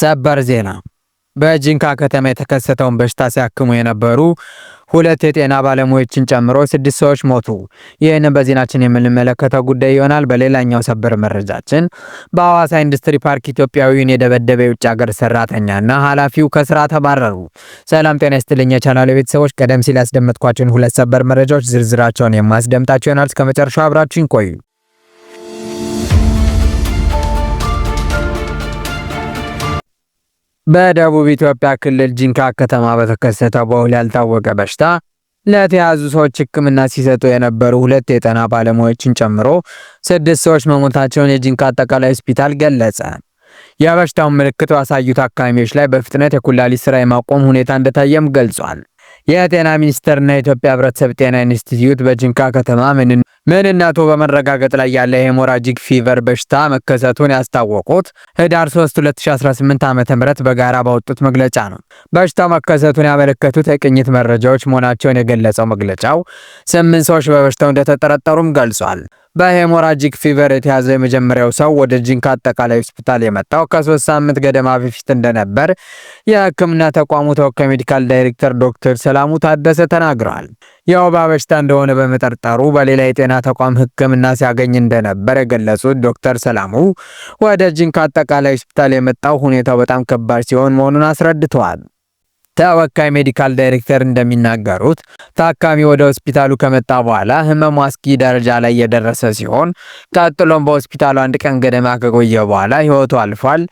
ሰበር ዜና በጂንካ ከተማ የተከሰተውን በሽታ ሲያክሙ የነበሩ ሁለት የጤና ባለሙያዎችን ጨምሮ ስድስት ሰዎች ሞቱ። ይህንም በዜናችን የምንመለከተው ጉዳይ ይሆናል። በሌላኛው ሰበር መረጃችን በሐዋሳ ኢንዱስትሪ ፓርክ ኢትዮጵያዊውን የደበደበ የውጭ ሀገር ሰራተኛና ኃላፊው ከስራ ተባረሩ። ሰላም ጤና ይስጥልኝ የቻናሉ ቤተሰቦች፣ ቀደም ሲል ያስደመጥኳቸውን ሁለት ሰበር መረጃዎች ዝርዝራቸውን የማስደምጣቸው ይሆናል። እስከ መጨረሻው አብራችሁን ቆዩ። በደቡብ ኢትዮጵያ ክልል ጂንካ ከተማ በተከሰተ በውል ያልታወቀ በሽታ ለተያዙ ሰዎች ሕክምና ሲሰጡ የነበሩ ሁለት የጤና ባለሙያዎችን ጨምሮ ስድስት ሰዎች መሞታቸውን የጂንካ አጠቃላይ ሆስፒታል ገለጸ። የበሽታውን ምልክት ባሳዩት ታካሚዎች ላይ በፍጥነት የኩላሊት ስራ የማቆም ሁኔታ እንደታየም ገልጿል። የጤና ሚኒስቴርና የኢትዮጵያ ሕብረተሰብ ጤና ኢንስቲትዩት በጂንካ ከተማ ምን ምንነቱ በመረጋገጥ ላይ ያለ የሄሞራጂክ ፊቨር በሽታ መከሰቱን ያስታወቁት ህዳር 3 2018 ዓ.ም በጋራ ባወጡት መግለጫ ነው። በሽታው መከሰቱን ያመለከቱት የቅኝት መረጃዎች መሆናቸውን የገለጸው መግለጫው ስምንት ሰዎች በበሽታው እንደተጠረጠሩም ገልጿል። በሄሞራጂክ ፊቨር የተያዘ የመጀመሪያው ሰው ወደ ጂንካ አጠቃላይ ሆስፒታል የመጣው ከሶስት ሳምንት ገደማ በፊት እንደነበር የህክምና ተቋሙ ተወካይ ሜዲካል ዳይሬክተር ዶክተር ሰላሙ ታደሰ ተናግረዋል። የወባ በሽታ እንደሆነ በመጠርጠሩ በሌላ የጤና ተቋም ሕክምና ሲያገኝ እንደነበር የገለጹት ዶክተር ሰላሙ ወደ ጂንካ አጠቃላይ ሆስፒታል የመጣው ሁኔታው በጣም ከባድ ሲሆን መሆኑን አስረድተዋል። ተወካይ ሜዲካል ዳይሬክተር እንደሚናገሩት ታካሚ ወደ ሆስፒታሉ ከመጣ በኋላ ህመሙ አስጊ ደረጃ ላይ የደረሰ ሲሆን ቀጥሎም በሆስፒታሉ አንድ ቀን ገደማ ከቆየ በኋላ ህይወቱ አልፏል።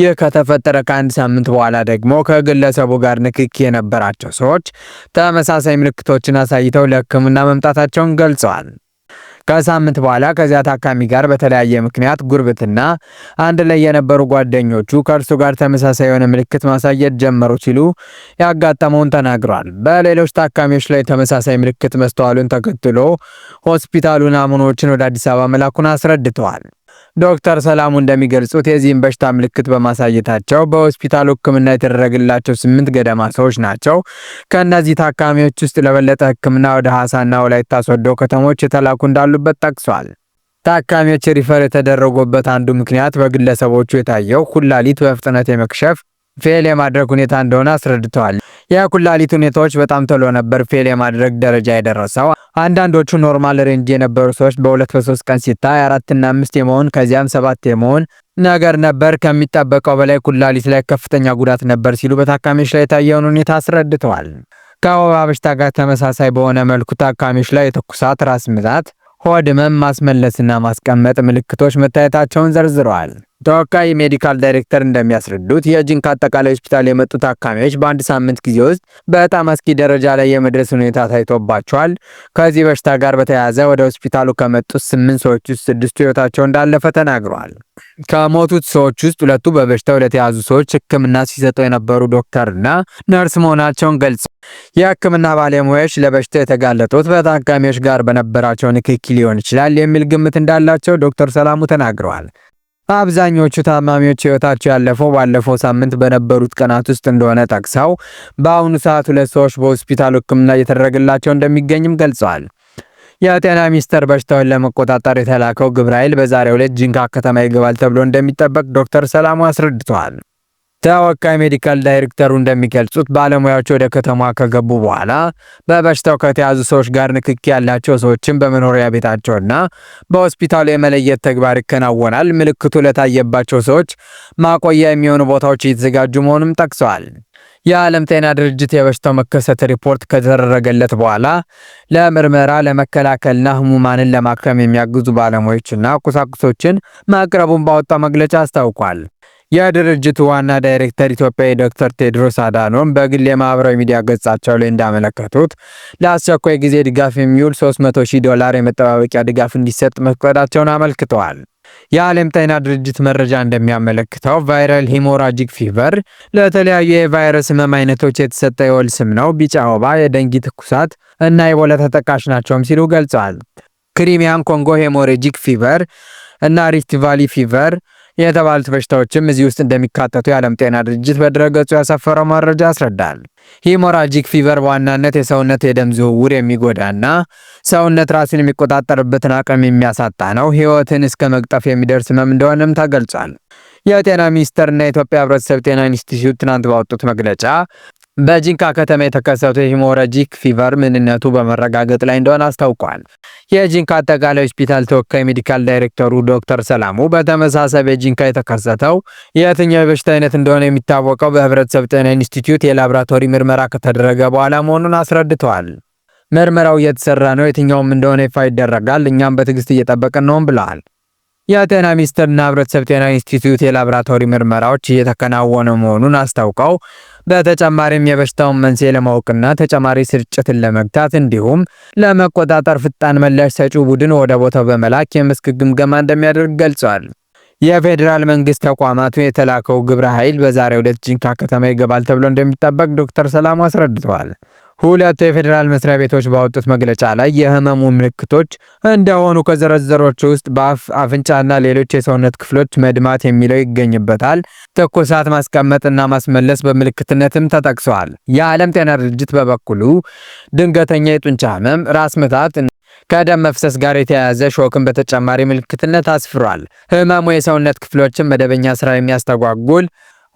ይህ ከተፈጠረ ከአንድ ሳምንት በኋላ ደግሞ ከግለሰቡ ጋር ንክኪ የነበራቸው ሰዎች ተመሳሳይ ምልክቶችን አሳይተው ለህክምና መምጣታቸውን ገልጸዋል። ከሳምንት በኋላ ከዚያ ታካሚ ጋር በተለያየ ምክንያት ጉርብትና አንድ ላይ የነበሩ ጓደኞቹ ከእርሱ ጋር ተመሳሳይ የሆነ ምልክት ማሳየት ጀመሩ ሲሉ ያጋጠመውን ተናግሯል። በሌሎች ታካሚዎች ላይ ተመሳሳይ ምልክት መስተዋሉን ተከትሎ ሆስፒታሉን አምኖዎችን ወደ አዲስ አበባ መላኩን አስረድተዋል። ዶክተር ሰላሙ እንደሚገልጹት የዚህን በሽታ ምልክት በማሳየታቸው በሆስፒታሉ ሕክምና የተደረገላቸው ስምንት ገደማ ሰዎች ናቸው። ከእነዚህ ታካሚዎች ውስጥ ለበለጠ ሕክምና ወደ ሐዋሳና ወላይታ ሶዶ ከተሞች የተላኩ እንዳሉበት ጠቅሷል። ታካሚዎች ሪፈር የተደረጉበት አንዱ ምክንያት በግለሰቦቹ የታየው ኩላሊት በፍጥነት የመክሸፍ ፌል የማድረግ ሁኔታ እንደሆነ አስረድተዋል። የኩላሊት ሁኔታዎች በጣም ቶሎ ነበር ፌል የማድረግ ደረጃ የደረሰው። አንዳንዶቹ ኖርማል ሬንጅ የነበሩ ሰዎች በሁለት በሶስት ቀን ሲታይ አራትና አምስት የመሆን ከዚያም ሰባት የመሆን ነገር ነበር። ከሚጠበቀው በላይ ኩላሊት ላይ ከፍተኛ ጉዳት ነበር ሲሉ በታካሚዎች ላይ የታየውን ሁኔታ አስረድተዋል። ከወባ በሽታ ጋር ተመሳሳይ በሆነ መልኩ ታካሚዎች ላይ የትኩሳት፣ ራስ ምታት፣ ሆድ ማስመለስና ማስቀመጥ ምልክቶች መታየታቸውን ዘርዝረዋል። ተወካይ የሜዲካል ዳይሬክተር እንደሚያስረዱት የጂንካ አጠቃላይ ሆስፒታል የመጡ ታካሚዎች በአንድ ሳምንት ጊዜ ውስጥ በጣም አስጊ ደረጃ ላይ የመድረስ ሁኔታ ታይቶባቸዋል። ከዚህ በሽታ ጋር በተያያዘ ወደ ሆስፒታሉ ከመጡት ስምንት ሰዎች ውስጥ ስድስቱ ህይወታቸው እንዳለፈ ተናግረዋል። ከሞቱት ሰዎች ውስጥ ሁለቱ በበሽታው ለተያዙ ሰዎች ሕክምና ሲሰጠው የነበሩ ዶክተርና ነርስ መሆናቸውን ገልጸ የሕክምና ባለሙያዎች ለበሽታው የተጋለጡት በታካሚዎች ጋር በነበራቸው ንክኪ ሊሆን ይችላል የሚል ግምት እንዳላቸው ዶክተር ሰላሙ ተናግረዋል። አብዛኞቹ ታማሚዎች ህይወታቸው ያለፈው ባለፈው ሳምንት በነበሩት ቀናት ውስጥ እንደሆነ ጠቅሰው በአሁኑ ሰዓት ሁለት ሰዎች በሆስፒታሉ ህክምና እየተደረገላቸው እንደሚገኝም ገልጸዋል። የጤና ሚኒስቴር በሽታውን ለመቆጣጠር የተላከው ግብረ ኃይል በዛሬው ዕለት ጂንካ ከተማ ይገባል ተብሎ እንደሚጠበቅ ዶክተር ሰላሙ አስረድተዋል። ተወካይ ሜዲካል ዳይሬክተሩ እንደሚገልጹት ባለሙያዎች ወደ ከተማ ከገቡ በኋላ በበሽታው ከተያዙ ሰዎች ጋር ንክኪ ያላቸው ሰዎችን በመኖሪያ ቤታቸውና በሆስፒታሉ የመለየት ተግባር ይከናወናል። ምልክቱ ለታየባቸው ሰዎች ማቆያ የሚሆኑ ቦታዎች እየተዘጋጁ መሆኑም ጠቅሰዋል። የዓለም ጤና ድርጅት የበሽታው መከሰት ሪፖርት ከተደረገለት በኋላ ለምርመራ ለመከላከልና ህሙማንን ለማከም የሚያግዙ ባለሙያዎችና ቁሳቁሶችን ማቅረቡን ባወጣው መግለጫ አስታውቋል። የድርጅቱ ዋና ዳይሬክተር ኢትዮጵያ የዶክተር ቴድሮስ አዳኖም በግል የማህበራዊ ሚዲያ ገጻቸው ላይ እንዳመለከቱት ለአስቸኳይ ጊዜ ድጋፍ የሚውል 300 ሺህ ዶላር የመጠባበቂያ ድጋፍ እንዲሰጥ መፍቀዳቸውን አመልክተዋል። የዓለም ጤና ድርጅት መረጃ እንደሚያመለክተው ቫይራል ሂሞራጂክ ፊቨር ለተለያዩ የቫይረስ ህመም አይነቶች የተሰጠ የወል ስም ነው። ቢጫ ወባ፣ የደንጊ ትኩሳት እና የቦለ ተጠቃሽ ናቸውም ሲሉ ገልጸዋል። ክሪሚያን ኮንጎ ሄሞሬጂክ ፊቨር እና ሪፍት ቫሊ ፊቨር የተባሉት በሽታዎችም እዚህ ውስጥ እንደሚካተቱ የዓለም ጤና ድርጅት በድረገጹ ያሰፈረው መረጃ ያስረዳል። ሂሞራጂክ ፊቨር በዋናነት የሰውነት የደም ዝውውር የሚጎዳና ሰውነት ራስን የሚቆጣጠርበትን አቅም የሚያሳጣ ነው። ህይወትን እስከ መቅጠፍ የሚደርስ ህመም እንደሆነም ተገልጿል። የጤና ሚኒስቴርና የኢትዮጵያ ህብረተሰብ ጤና ኢንስቲትዩት ትናንት ባወጡት መግለጫ በጂንካ ከተማ የተከሰተው ሂሞራጂክ ፊቨር ምንነቱ በመረጋገጥ ላይ እንደሆነ አስታውቋል። የጂንካ አጠቃላይ ሆስፒታል ተወካይ ሜዲካል ዳይሬክተሩ ዶክተር ሰላሙ በተመሳሳይ በጂንካ የተከሰተው የትኛው የበሽታ አይነት እንደሆነ የሚታወቀው በህብረተሰብ ጤና ኢንስቲትዩት የላብራቶሪ ምርመራ ከተደረገ በኋላ መሆኑን አስረድተዋል። ምርመራው እየተሰራ ነው፣ የትኛውም እንደሆነ ይፋ ይደረጋል። እኛም በትዕግስት እየጠበቅን ነውም ብለዋል። የጤና ሚኒስቴርና ህብረተሰብ ጤና ኢንስቲትዩት የላብራቶሪ ምርመራዎች እየተከናወኑ መሆኑን አስታውቀው በተጨማሪም የበሽታውን መንስኤ ለማወቅና ተጨማሪ ስርጭትን ለመግታት እንዲሁም ለመቆጣጠር ፍጣን ምላሽ ሰጪው ቡድን ወደ ቦታው በመላክ የመስክ ግምገማ እንደሚያደርግ ገልጿል። የፌዴራል መንግስት ተቋማቱ የተላከው ግብረ ኃይል በዛሬው ዕለት ጂንካ ከተማ ይገባል ተብሎ እንደሚጠበቅ ዶክተር ሰላሙ አስረድተዋል። ሁለቱ የፌዴራል መስሪያ ቤቶች ባወጡት መግለጫ ላይ የህመሙ ምልክቶች እንደሆኑ ከዘረዘሮች ውስጥ በአፍ አፍንጫና ሌሎች የሰውነት ክፍሎች መድማት የሚለው ይገኝበታል። ትኩሳት ማስቀመጥና ማስመለስ በምልክትነትም ተጠቅሰዋል። የዓለም ጤና ድርጅት በበኩሉ ድንገተኛ የጡንቻ ህመም፣ ራስ ምታት ከደም መፍሰስ ጋር የተያያዘ ሾክን በተጨማሪ ምልክትነት አስፍሯል። ህመሙ የሰውነት ክፍሎችን መደበኛ ስራ የሚያስተጓጉል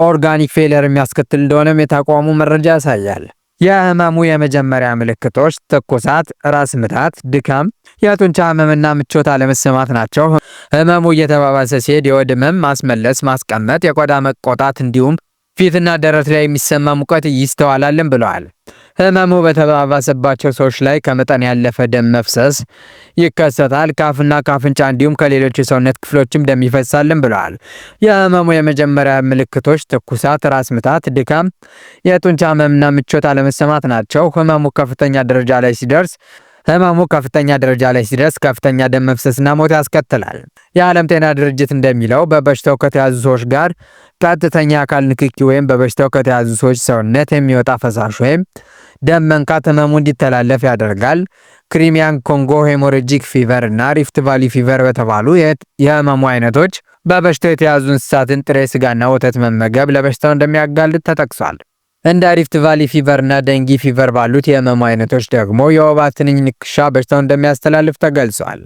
ኦርጋኒክ ፌለር የሚያስከትል እንደሆነም የተቋሙ መረጃ ያሳያል። የህመሙ የመጀመሪያ ምልክቶች ትኩሳት፣ ራስ ምታት፣ ድካም፣ የጡንቻ ህመምና ምቾት አለመሰማት ናቸው። ህመሙ እየተባባሰ ሲሄድ የወድ ህመም፣ ማስመለስ፣ ማስቀመጥ፣ የቆዳ መቆጣት እንዲሁም ፊትና ደረት ላይ የሚሰማ ሙቀት ይስተዋላልን ብለዋል። ህመሙ በተባባሰባቸው ሰዎች ላይ ከመጠን ያለፈ ደም መፍሰስ ይከሰታል። ካፍና ካፍንጫ እንዲሁም ከሌሎች የሰውነት ክፍሎችም ደም ይፈሳልን ብለዋል። የህመሙ የመጀመሪያ ምልክቶች ትኩሳት፣ ራስ ምታት፣ ድካም፣ የጡንቻ ህመምና ምቾት አለመሰማት ናቸው። ህመሙ ከፍተኛ ደረጃ ላይ ሲደርስ ህመሙ ከፍተኛ ደረጃ ላይ ሲደርስ ከፍተኛ ደም መፍሰስና ሞት ያስከትላል። የዓለም ጤና ድርጅት እንደሚለው በበሽታው ከተያዙ ሰዎች ጋር ቀጥተኛ አካል ንክኪ ወይም በበሽታው ከተያዙ ሰዎች ሰውነት የሚወጣ ፈሳሽ ወይም ደም መንካት ህመሙ እንዲተላለፍ ያደርጋል። ክሪሚያን ኮንጎ ሄሞሮጂክ ፊቨር እና ሪፍት ቫሊ ፊቨር በተባሉ የህመሙ አይነቶች በበሽታው የተያዙ እንስሳትን ጥሬ ስጋና ወተት መመገብ ለበሽታው እንደሚያጋልጥ ተጠቅሷል። እንደ ሪፍት ቫሊ ፊቨር እና ደንጊ ፊቨር ባሉት የህመሙ አይነቶች ደግሞ የወባ ትንኝ ንክሻ በሽታው እንደሚያስተላልፍ ተገልጿል።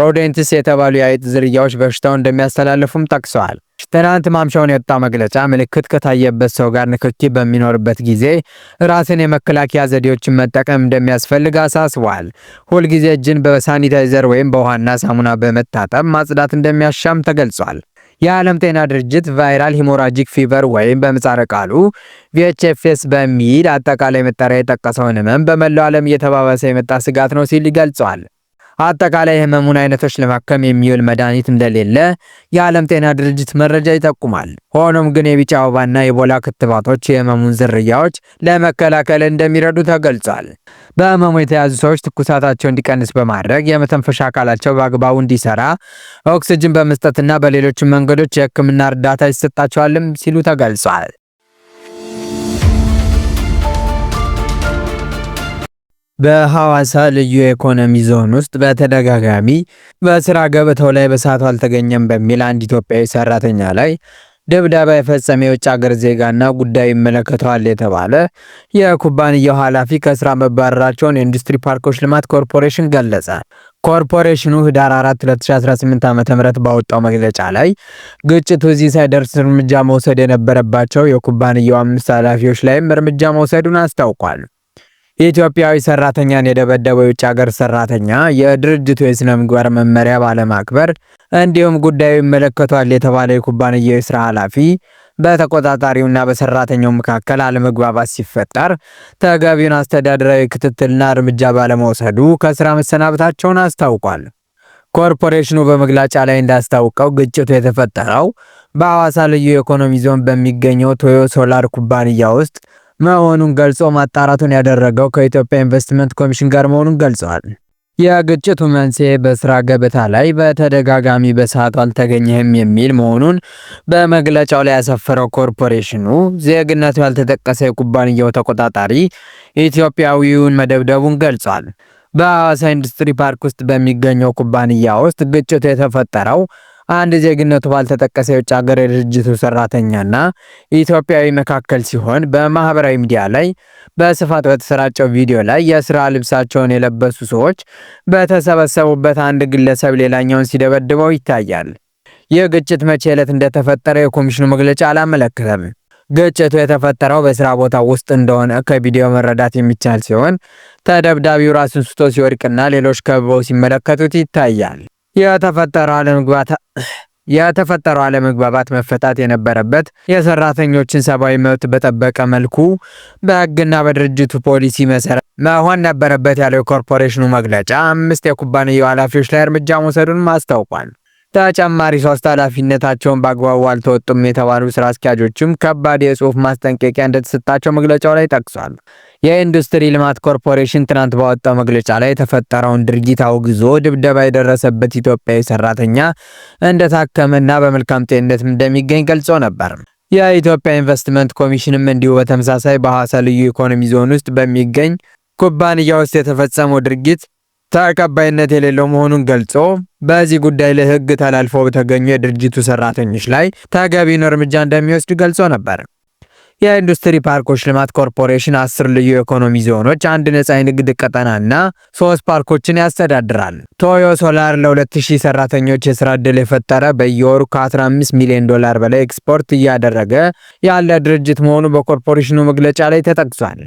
ሮዴንትስ የተባሉ የአይጥ ዝርያዎች በሽታው እንደሚያስተላልፉም ጠቅሰዋል። ትናንት ማምሻውን የወጣው መግለጫ ምልክት ከታየበት ሰው ጋር ንክኪ በሚኖርበት ጊዜ ራስን የመከላከያ ዘዴዎችን መጠቀም እንደሚያስፈልግ አሳስቧል። ሁልጊዜ እጅን በሳኒታይዘር ወይም በውሃና ሳሙና በመታጠብ ማጽዳት እንደሚያሻም ተገልጿል። የዓለም ጤና ድርጅት ቫይራል ሂሞራጂክ ፊቨር ወይም በምጻረ ቃሉ ቪኤችኤፍኤስ በሚል አጠቃላይ መጠሪያ የጠቀሰውን ህመም በመላው ዓለም እየተባባሰ የመጣ ስጋት ነው ሲል ይገልጿል። አጠቃላይ የህመሙን አይነቶች ለማከም የሚውል መድኃኒት እንደሌለ የዓለም ጤና ድርጅት መረጃ ይጠቁማል። ሆኖም ግን የቢጫ ወባና የኢቦላ ክትባቶች የህመሙን ዝርያዎች ለመከላከል እንደሚረዱ ተገልጿል። በህመሙ የተያዙ ሰዎች ትኩሳታቸው እንዲቀንስ በማድረግ የመተንፈሻ አካላቸው በአግባቡ እንዲሰራ ኦክስጅን በመስጠትና በሌሎችም መንገዶች የህክምና እርዳታ ይሰጣቸዋልም ሲሉ ተገልጿል። በሐዋሳ ልዩ ኢኮኖሚ ዞን ውስጥ በተደጋጋሚ በስራ ገበታው ላይ በሰዓቱ አልተገኘም በሚል አንድ ኢትዮጵያዊ ሰራተኛ ላይ ደብዳባ የፈጸመ የውጭ ሀገር ዜጋና ጉዳዩ ይመለከተዋል የተባለ የኩባንያው ኃላፊ ከስራ መባረራቸውን የኢንዱስትሪ ፓርኮች ልማት ኮርፖሬሽን ገለጸ። ኮርፖሬሽኑ ህዳር 4 2018 ዓ.ም ባወጣው መግለጫ ላይ ግጭቱ እዚህ ሳይደርስ እርምጃ መውሰድ የነበረባቸው የኩባንያው አምስት ኃላፊዎች ላይም እርምጃ መውሰዱን አስታውቋል። የኢትዮጵያዊ ሰራተኛን የደበደበው የውጭ ሀገር ሰራተኛ የድርጅቱ የስነ ምግባር መመሪያ ባለማክበር እንዲሁም ጉዳዩ ይመለከቷል የተባለ የኩባንያው የስራ ኃላፊ በተቆጣጣሪውና በሰራተኛው መካከል አለመግባባት ሲፈጠር ተገቢውን አስተዳደራዊ ክትትልና እርምጃ ባለመውሰዱ ከስራ መሰናበታቸውን አስታውቋል። ኮርፖሬሽኑ በመግለጫ ላይ እንዳስታውቀው ግጭቱ የተፈጠረው በሐዋሳ ልዩ ኢኮኖሚ ዞን በሚገኘው ቶዮ ሶላር ኩባንያ ውስጥ መሆኑን ገልጾ ማጣራቱን ያደረገው ከኢትዮጵያ ኢንቨስትመንት ኮሚሽን ጋር መሆኑን ገልጸዋል። የግጭቱ መንስኤ በስራ ገበታ ላይ በተደጋጋሚ በሰዓቱ አልተገኘህም የሚል መሆኑን በመግለጫው ላይ ያሰፈረው ኮርፖሬሽኑ ዜግነቱ ያልተጠቀሰ የኩባንያው ተቆጣጣሪ ኢትዮጵያዊውን መደብደቡን ገልጿል። በሐዋሳ ኢንዱስትሪ ፓርክ ውስጥ በሚገኘው ኩባንያ ውስጥ ግጭቱ የተፈጠረው አንድ ዜግነቱ ባልተጠቀሰ የውጭ ሀገር የድርጅቱ ሰራተኛና ኢትዮጵያዊ መካከል ሲሆን በማህበራዊ ሚዲያ ላይ በስፋት በተሰራጨው ቪዲዮ ላይ የስራ ልብሳቸውን የለበሱ ሰዎች በተሰበሰቡበት አንድ ግለሰብ ሌላኛውን ሲደበድበው ይታያል። ይህ ግጭት መቼ ዕለት እንደተፈጠረ የኮሚሽኑ መግለጫ አላመለከተም። ግጭቱ የተፈጠረው በስራ ቦታ ውስጥ እንደሆነ ከቪዲዮ መረዳት የሚቻል ሲሆን ተደብዳቢው ራሱን ስቶ ሲወድቅና ሌሎች ከበው ሲመለከቱት ይታያል። የተፈጠረው አለመግባባት የተፈጠረው አለመግባባት መፈታት የነበረበት የሰራተኞችን ሰብአዊ መብት በጠበቀ መልኩ በህግና በድርጅቱ ፖሊሲ መሰረት መሆን ነበረበት ያለው የኮርፖሬሽኑ መግለጫ አምስት የኩባንያው ኃላፊዎች ላይ እርምጃ መውሰዱን አስታውቋል። ተጨማሪ ሶስት ኃላፊነታቸውን በአግባቡ አልተወጡም የተባሉ ስራ አስኪያጆችም ከባድ የጽሁፍ ማስጠንቀቂያ እንደተሰጣቸው መግለጫው ላይ ጠቅሷል። የኢንዱስትሪ ልማት ኮርፖሬሽን ትናንት ባወጣው መግለጫ ላይ የተፈጠረውን ድርጊት አውግዞ ድብደባ የደረሰበት ኢትዮጵያዊ ሰራተኛ እንደታከመና በመልካም ጤንነት እንደሚገኝ ገልጾ ነበር። የኢትዮጵያ ኢንቨስትመንት ኮሚሽንም እንዲሁ በተመሳሳይ በሐዋሳ ልዩ ኢኮኖሚ ዞን ውስጥ በሚገኝ ኩባንያ ውስጥ የተፈጸመው ድርጊት ተቀባይነት የሌለው መሆኑን ገልጾ በዚህ ጉዳይ ለህግ ተላልፎ በተገኙ የድርጅቱ ሰራተኞች ላይ ተገቢውን እርምጃ እንደሚወስድ ገልጾ ነበር። የኢንዱስትሪ ፓርኮች ልማት ኮርፖሬሽን አስር ልዩ የኢኮኖሚ ዞኖች፣ አንድ ነጻ የንግድ ቀጠናና ሶስት ፓርኮችን ያስተዳድራል። ቶዮ ሶላር ለ2000 ሰራተኞች የስራ ዕድል የፈጠረ በየወሩ ከ15 ሚሊዮን ዶላር በላይ ኤክስፖርት እያደረገ ያለ ድርጅት መሆኑ በኮርፖሬሽኑ መግለጫ ላይ ተጠቅሷል።